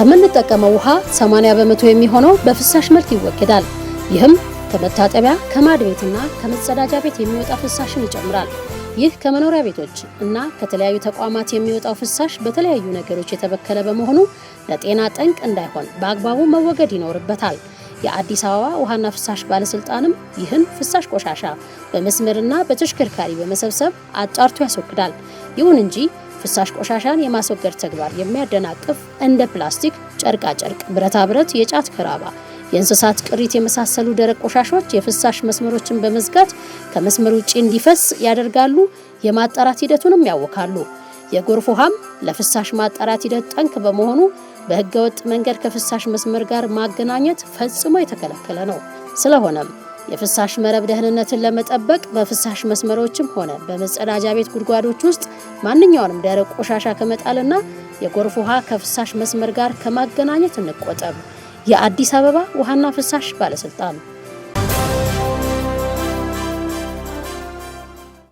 ከምንጠቀመው ውሃ 80 በመቶ የሚሆነው በፍሳሽ መልክ ይወገዳል። ይህም ከመታጠቢያ ከማድ ቤትና ከመጸዳጃ ቤት የሚወጣ ፍሳሽን ይጨምራል። ይህ ከመኖሪያ ቤቶች እና ከተለያዩ ተቋማት የሚወጣው ፍሳሽ በተለያዩ ነገሮች የተበከለ በመሆኑ ለጤና ጠንቅ እንዳይሆን በአግባቡ መወገድ ይኖርበታል። የአዲስ አበባ ውሃና ፍሳሽ ባለስልጣንም ይህን ፍሳሽ ቆሻሻ በመስመርና በተሽከርካሪ በመሰብሰብ አጣርቶ ያስወግዳል። ይሁን እንጂ ፍሳሽ ቆሻሻን የማስወገድ ተግባር የሚያደናቅፍ እንደ ፕላስቲክ፣ ጨርቃጨርቅ፣ ብረት የጫት ክራባ፣ የእንስሳት ቅሪት የመሳሰሉ ደረቅ ቆሻሾች የፍሳሽ መስመሮችን በመዝጋት ከመስመር ውጪ እንዲፈስ ያደርጋሉ። የማጣራት ሂደቱንም ያወካሉ። የጎርፍ ውሃም ለፍሳሽ ማጣራት ሂደት ጠንክ በመሆኑ በህገወጥ መንገድ ከፍሳሽ መስመር ጋር ማገናኘት ፈጽሞ የተከለከለ ነው። ስለሆነም የፍሳሽ መረብ ደህንነትን ለመጠበቅ በፍሳሽ መስመሮችም ሆነ በመጸዳጃ ቤት ጉድጓዶች ውስጥ ማንኛውንም ደረቅ ቆሻሻ ከመጣልና የጎርፍ ውሃ ከፍሳሽ መስመር ጋር ከማገናኘት እንቆጠብ። የአዲስ አበባ ውሃና ፍሳሽ ባለስልጣን